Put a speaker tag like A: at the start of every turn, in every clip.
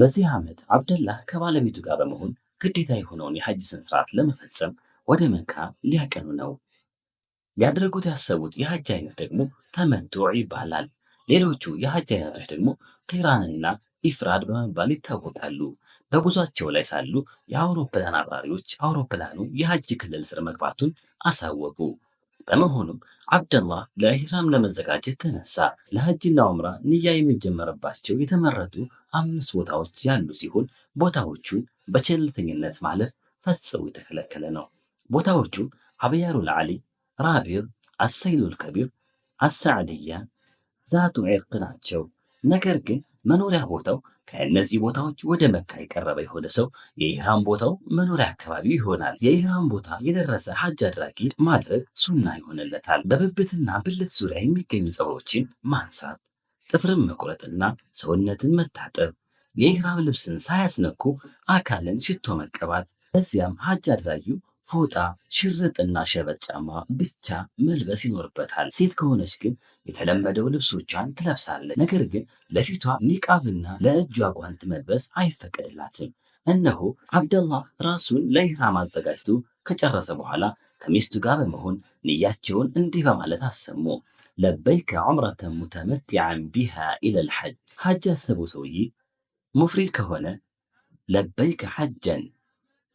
A: በዚህ ዓመት አብደላህ ከባለቤቱ ጋር በመሆን ግዴታ የሆነውን የሐጅ ሥነ ሥርዓት ለመፈጸም ወደ መካ ሊያቀኑ ነው። ሊያደርጉት ያሰቡት የሐጅ አይነት ደግሞ ተመቱዕ ይባላል። ሌሎቹ የሐጅ አይነቶች ደግሞ ቂራንና ኢፍራድ በመባል ይታወቃሉ። በጉዟቸው ላይ ሳሉ የአውሮፕላን አብራሪዎች አውሮፕላኑ የሐጅ ክልል ስር መግባቱን አሳወቁ። በመሆኑም አብደላህ ለኢህራም ለመዘጋጀት ተነሳ። ለሐጅና ዑምራ ንያ የሚጀመርባቸው የተመረጡ አምስት ቦታዎች ያሉ ሲሆን ቦታዎቹን በቸልተኝነት ማለፍ ፈጽሞ የተከለከለ ነው። ቦታዎቹም አብያሩል ዓሊ፣ ራቢዕ፣ አሰይሉል ከቢር፣ አሳዕድያ፣ ዛቱ ዒርቅ ናቸው። ነገር ግን መኖሪያ ቦታው ከእነዚህ ቦታዎች ወደ መካ የቀረበ የሆነ ሰው የኢህራም ቦታው መኖሪያ አካባቢ ይሆናል። የኢህራም ቦታ የደረሰ ሀጅ አድራጊ ማድረግ ሱና ይሆንለታል። በብብትና ብልት ዙሪያ የሚገኙ ጸጉሮችን ማንሳት፣ ጥፍርን መቁረጥና ሰውነትን መታጠብ፣ የኢህራም ልብስን ሳያስነኩ አካልን ሽቶ መቀባት። በዚያም ሀጅ አድራጊው فوتا شرط الناشبت أما بيتا ملبسي نوربت هل سيد كونشكن يتلم بدو لبسو جان تلب سالة نكرجن لفيتا نيك أبنا لا جواق وانت ملبس أي فكر لاتم أنه عبد الله راسون لا يرام الزجاجتو كجرة سبحلا كميستو قاب مهون نياتشون انديبا مالة السمو لبيك عمرة متمتعا بها إلى الحج حاجة سبو سويي مفريل كهونة لبيك حجا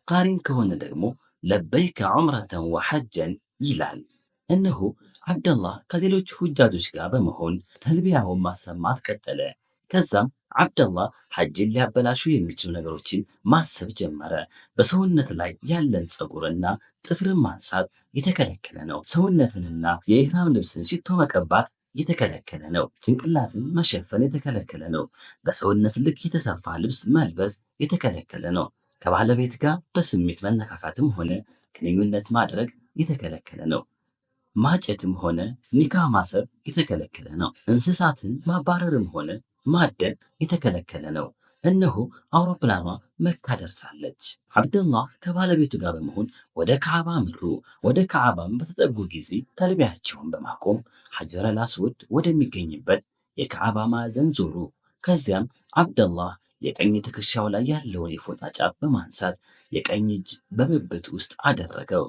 A: قارن كهونة دقمو ለበይከ ዑምረተን ወሐጀን ይላል። እነሆ ዓብደላህ ከሌሎች ሁጃጆች ጋር በመሆን ተልቢያውን ማሰማት ቀጠለ። ከዛም ዓብደላህ ሐጅን ሊያበላሹ የሚችሉ ነገሮችን ማሰብ ጀመረ። በሰውነት ላይ ያለን ፀጉርና ጥፍርን ማንሳት የተከለከለ ነው። ሰውነትንና የኢህራም ልብስን ሽቶ መቀባት የተከለከለ ነው። ጭንቅላትን መሸፈን የተከለከለ ነው። በሰውነት ልክ የተሰፋ ልብስ መልበስ የተከለከለ ነው። ከባለቤት ጋር በስሜት መነካካትም ሆነ ግንኙነት ማድረግ የተከለከለ ነው። ማጨትም ሆነ ኒካህ ማሰብ የተከለከለ ነው። እንስሳትን ማባረርም ሆነ ማደን የተከለከለ ነው። እነሆ አውሮፕላኗ መካ ደርሳለች። አብደላህ ከባለቤቱ ጋር በመሆን ወደ ካዕባ ምሩ። ወደ ካዕባም በተጠጉ ጊዜ ተልቢያቸውን በማቆም ሐጀረል አስወድ ወደሚገኝበት የካዕባ ማዕዘን ዞሩ። ከዚያም አብደላህ የቀኝ ትከሻው ላይ ያለውን የፎጣ ጫፍ በማንሳት የቀኝ እጅ በብብት ውስጥ አደረገው።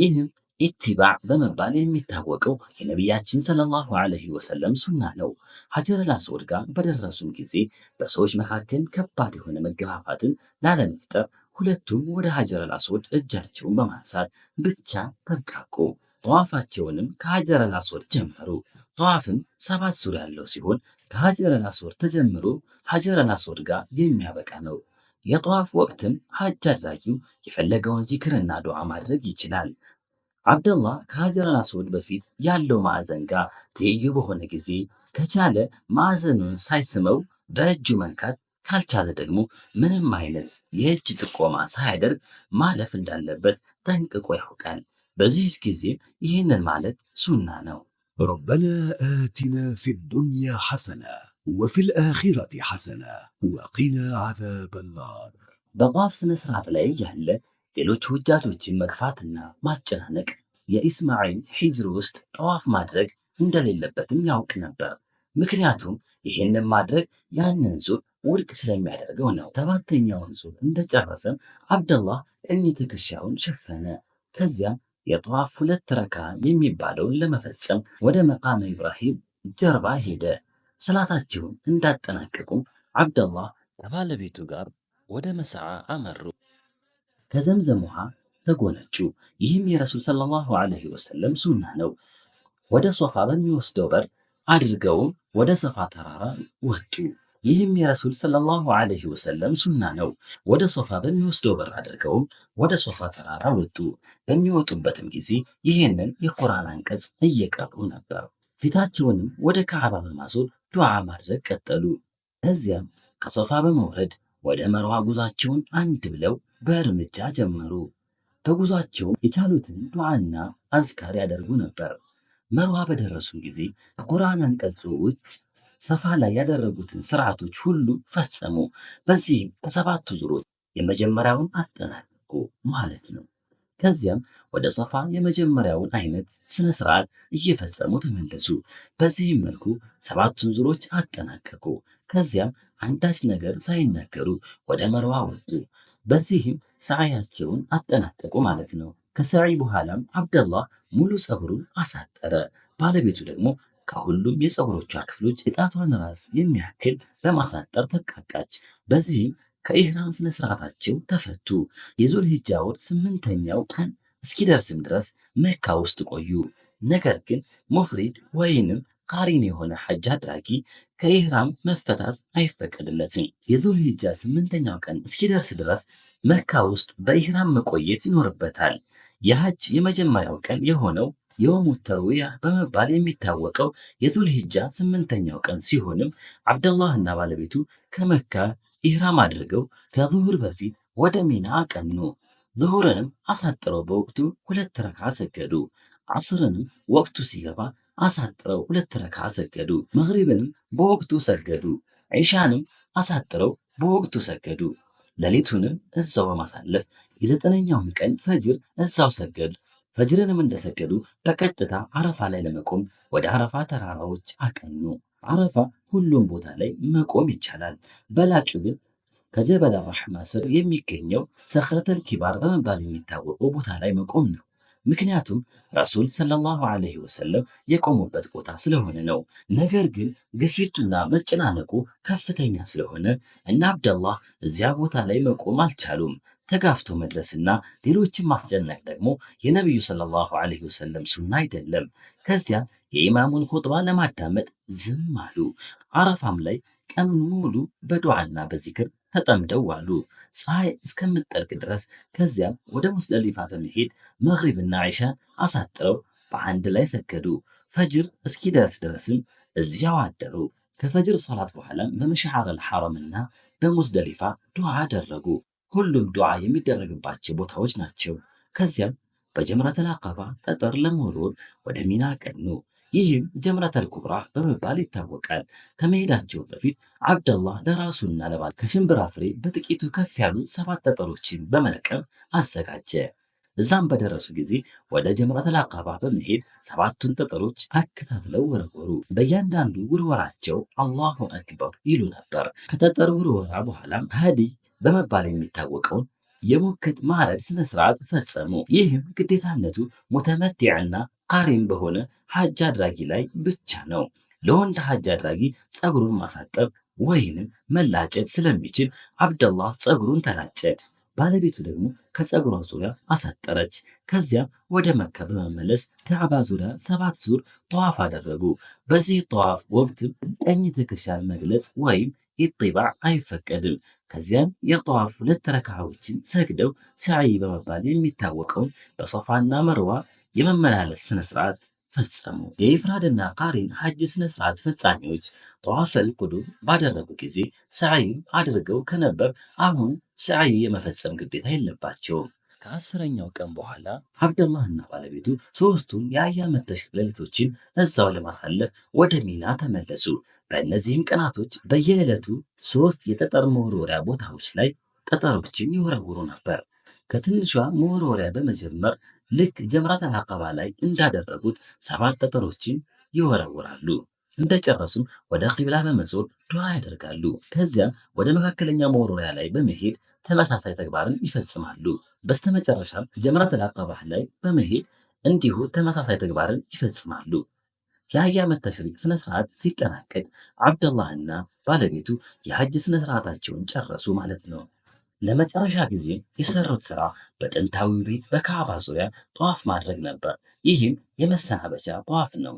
A: ይህም ኢትባዕ በመባል የሚታወቀው የነቢያችን ሰለላሁ ዐለይሂ ወሰለም ሱና ነው። ሀጀረል አስወድ ጋር በደረሱም ጊዜ በሰዎች መካከል ከባድ የሆነ መገፋፋትን ላለመፍጠር ሁለቱም ወደ ሀጀረል አስወድ እጃቸውን በማንሳት ብቻ ተብቃቁ። ጠዋፋቸውንም ከሀጀረል አስወድ ጀመሩ። ጠዋፍም ሰባት ዙር ያለው ሲሆን ከሐጀረ ላስወድ ተጀምሮ ሐጀረ ላስወድ ጋር የሚያበቃ ነው። የጠዋፍ ወቅትም ሐጅ አድራጊው የፈለገውን ዚክርና ዱዓ ማድረግ ይችላል። አብደላ ከሐጀረ ላስወድ በፊት ያለው ማዕዘን ጋር ትይዩ በሆነ ጊዜ ከቻለ ማዕዘኑን ሳይስመው በእጁ መንካት ካልቻለ ደግሞ ምንም አይነት የእጅ ጥቆማ ሳያደርግ ማለፍ እንዳለበት ጠንቅቆ ያውቃል። በዚህ ጊዜ ይህንን ማለት ሱና ነው።
B: ربنا آتنا في الدنيا حسنة وفي الآخرة حسنة وقنا عذاب النار
A: بغاف سنسرع تلعي يهل تلو توجالو جيم مكفاتنا ما تجنانك يا إسماعيل حجروست طواف مادرك عند اللبتن ياوك نبر مكرياتهم يهن مادرك يعني ننزل ورك سلامي على رجونا تبعتين يا ونزل عند جرسم عبد الله إني تكشاون شفنا كزيان የጠዋፍ ሁለት ረካ የሚባለውን ለመፈጸም ወደ መቃመ ኢብራሂም ጀርባ ሄደ። ሰላታቸውን እንዳጠናቀቁም ዓብደላህ ከባለቤቱ ጋር ወደ መስዓ አመሩ። ከዘምዘም ውሃ ተጎነጩ። ይህም የረሱል ሰለላሁ ዐለይሂ ወሰለም ሱና ነው። ወደ ሶፋ በሚወስደው በር አድርገውም ወደ ሰፋ ተራራ ወጡ። ይህም የረሱል ሰለላሁ ዐለይሂ ወሰለም ሱና ነው። ወደ ሶፋ በሚወስደው በር አድርገውም ወደ ሶፋ ተራራ ወጡ። በሚወጡበትም ጊዜ ይህንን የቁርአን አንቀጽ እየቀሩ ነበር። ፊታቸውንም ወደ ካዕባ በማዞር ዱዓ ማድረግ ቀጠሉ። ከዚያም ከሶፋ በመውረድ ወደ መርዋ ጉዟቸውን አንድ ብለው በእርምጃ ጀመሩ። በጉዟቸው የቻሉትን ዱዓና አዝካር ያደርጉ ነበር። መርዋ በደረሱ ጊዜ ከቁርአን አንቀጽ ውጭ ሰፋ ላይ ያደረጉትን ስርዓቶች ሁሉ ፈጸሙ። በዚህም ከሰባቱ ዙሮች የመጀመሪያውን አጠናቀቁ ማለት ነው። ከዚያም ወደ ሰፋ የመጀመሪያውን አይነት ስነ ስርዓት እየፈጸሙ ተመለሱ። በዚህም መልኩ ሰባቱን ዙሮች አጠናቀቁ። ከዚያም አንዳች ነገር ሳይናገሩ ወደ መርዋ ወጡ። በዚህም ሰዓያቸውን አጠናቀቁ ማለት ነው። ከሰዓይ በኋላም አብደላህ ሙሉ ጸጉሩን አሳጠረ። ባለቤቱ ደግሞ ከሁሉም የፀጉሮቿ ክፍሎች የጣቷን ራስ የሚያክል በማሳጠር ተቃቃች። በዚህም ከኢህራም ስነ ስርዓታቸው ተፈቱ። የዙል ሂጃ ወር ስምንተኛው ቀን እስኪደርስም ድረስ መካ ውስጥ ቆዩ። ነገር ግን ሙፍሪድ ወይንም ቃሪን የሆነ ሐጅ አድራጊ ከኢህራም መፈታት አይፈቀድለትም። የዙል ሂጃ ስምንተኛው ቀን እስኪደርስ ድረስ መካ ውስጥ በኢህራም መቆየት ይኖርበታል። የሐጅ የመጀመሪያው ቀን የሆነው የወሙተርዊያ በመባል የሚታወቀው የዙልሂጃ ስምንተኛው ቀን ሲሆንም አብደላህና ባለቤቱ ከመካ ኢህራም አድርገው ከዙሁር በፊት ወደ ሚና አቀኑ። ዙሁርንም አሳጥረው በወቅቱ ሁለት ረካ ሰገዱ። ዐስርንም ወቅቱ ሲገባ አሳጥረው ሁለት ረካ ሰገዱ። መግሪብንም በወቅቱ ሰገዱ። ዒሻንም አሳጥረው በወቅቱ ሰገዱ። ሌሊቱንም እዛው በማሳለፍ የዘጠነኛውን ቀን ፈጅር እዛው ሰገዱ። ፈጅርንም እንደሰገዱ በቀጥታ አረፋ ላይ ለመቆም ወደ አረፋ ተራራዎች አቀኑ። አረፋ ሁሉም ቦታ ላይ መቆም ይቻላል። በላጩ ግን ከጀበል ራሕማ ስር የሚገኘው ሰኽረተል ኪባር በመባል የሚታወቀው ቦታ ላይ መቆም ነው። ምክንያቱም ረሱል ሰለላሁ ዐለይሂ ወሰለም የቆሙበት ቦታ ስለሆነ ነው። ነገር ግን ግፊቱና መጨናነቁ ከፍተኛ ስለሆነ እነ አብደላህ እዚያ ቦታ ላይ መቆም አልቻሉም። ተጋፍቶ መድረስና ሌሎችን ማስጨነቅ ደግሞ የነቢዩ ሰለላሁ ዐለይሂ ወሰለም ሱና አይደለም። ከዚያ የኢማሙን ኹጥባ ለማዳመጥ ዝም አሉ። አረፋም ላይ ቀኑን ሙሉ በዱዓና በዚክር ተጠምደው ዋሉ፣ ፀሐይ እስከምትጠልቅ ድረስ። ከዚያም ወደ ሙስደሊፋ በመሄድ መግሪብና ዒሻን አሳጥረው በአንድ ላይ ሰገዱ። ፈጅር እስኪደርስ ድረስም እዚያው አደሩ። ከፈጅር ሶላት በኋላም በመሻዓረል ሐረምና በሙዝደሊፋ ዱዓ አደረጉ። ሁሉም ዱዓ የሚደረግባቸው ቦታዎች ናቸው። ከዚያም በጀምረተል አቀባ ጠጠር ለመወርወር ወደ ሚና ቀኑ። ይህም ጀምረተል ኩብራ በመባል ይታወቃል። ከመሄዳቸው በፊት አብደላህ ለራሱና ለባል ከሽምብራ ፍሬ በጥቂቱ ከፍ ያሉ ሰባት ጠጠሮችን በመለቀም አዘጋጀ። እዛም በደረሱ ጊዜ ወደ ጀምረተል አቀባ በመሄድ ሰባቱን ጠጠሮች አከታትለው ወረወሩ። በእያንዳንዱ ውርወራቸው አላሁ አክበር ይሉ ነበር። ከጠጠር ውርወራ በኋላም ሀዲ በመባል የሚታወቀውን የሞከት ማረድ ስነ ስርዓት ፈጸሙ። ይህም ግዴታነቱ ሙተመቲዕና ቃሪን በሆነ ሐጅ አድራጊ ላይ ብቻ ነው። ለወንድ ሐጅ አድራጊ ጸጉሩን ማሳጠብ ወይንም መላጨት ስለሚችል አብደላህ ጸጉሩን ተላጨ። ባለቤቱ ደግሞ ከጸጉሯ ዙሪያ አሳጠረች። ከዚያም ወደ መካ በመመለስ ከዕባ ዙሪያ ሰባት ዙር ጠዋፍ አደረጉ። በዚህ ጠዋፍ ወቅትም ቀኝ ትከሻን መግለጽ ወይም ኢጢባዕ አይፈቀድም። ከዚያም የጠዋፍ ሁለት ረካዓዎችን ሰግደው ሰዓይ በመባል የሚታወቀውን በሶፋና መርዋ የመመላለስ ስነስርዓት ስርዓት ፈጸሙ። የኢፍራድና ቃሪን ሐጅ ስነስርዓት ስርዓት ፈጻሚዎች ጠዋፈል ቁዱም ባደረጉ ጊዜ ሰዓይም አድርገው ከነበር አሁን ሰዓይ የመፈጸም ግዴታ የለባቸውም። ከአስረኛው ቀን በኋላ አብደላህና ባለቤቱ ሶስቱም የአያ መተሽ ሌሊቶችን እዛው ለማሳለፍ ወደ ሚና ተመለሱ። በእነዚህም ቀናቶች በየዕለቱ ሶስት የጠጠር መወርወሪያ ቦታዎች ላይ ጠጠሮችን ይወረውሩ ነበር። ከትንሿ መወርወሪያ በመጀመር ልክ ጀምራት አቀባ ላይ እንዳደረጉት ሰባት ጠጠሮችን ይወረውራሉ። እንደጨረሱም ወደ ቂብላ በመዞር ዱዓ ያደርጋሉ። ከዚያም ወደ መካከለኛ መወርወሪያ ላይ በመሄድ ተመሳሳይ ተግባርን ይፈጽማሉ። በስተመጨረሻም ጀምራት አቀባ ላይ በመሄድ እንዲሁ ተመሳሳይ ተግባርን ይፈጽማሉ። የአህያ ተሽሪቅ ስነ ስርዓት ሲጠናቀቅ አብደላህና ባለቤቱ የሐጅ ስነ ስርዓታቸውን ጨረሱ ማለት ነው። ለመጨረሻ ጊዜ የሰሩት ስራ በጥንታዊው ቤት በካዕባ ዙሪያ ጠዋፍ ማድረግ ነበር። ይህም የመሰናበቻ ጠዋፍ ነው።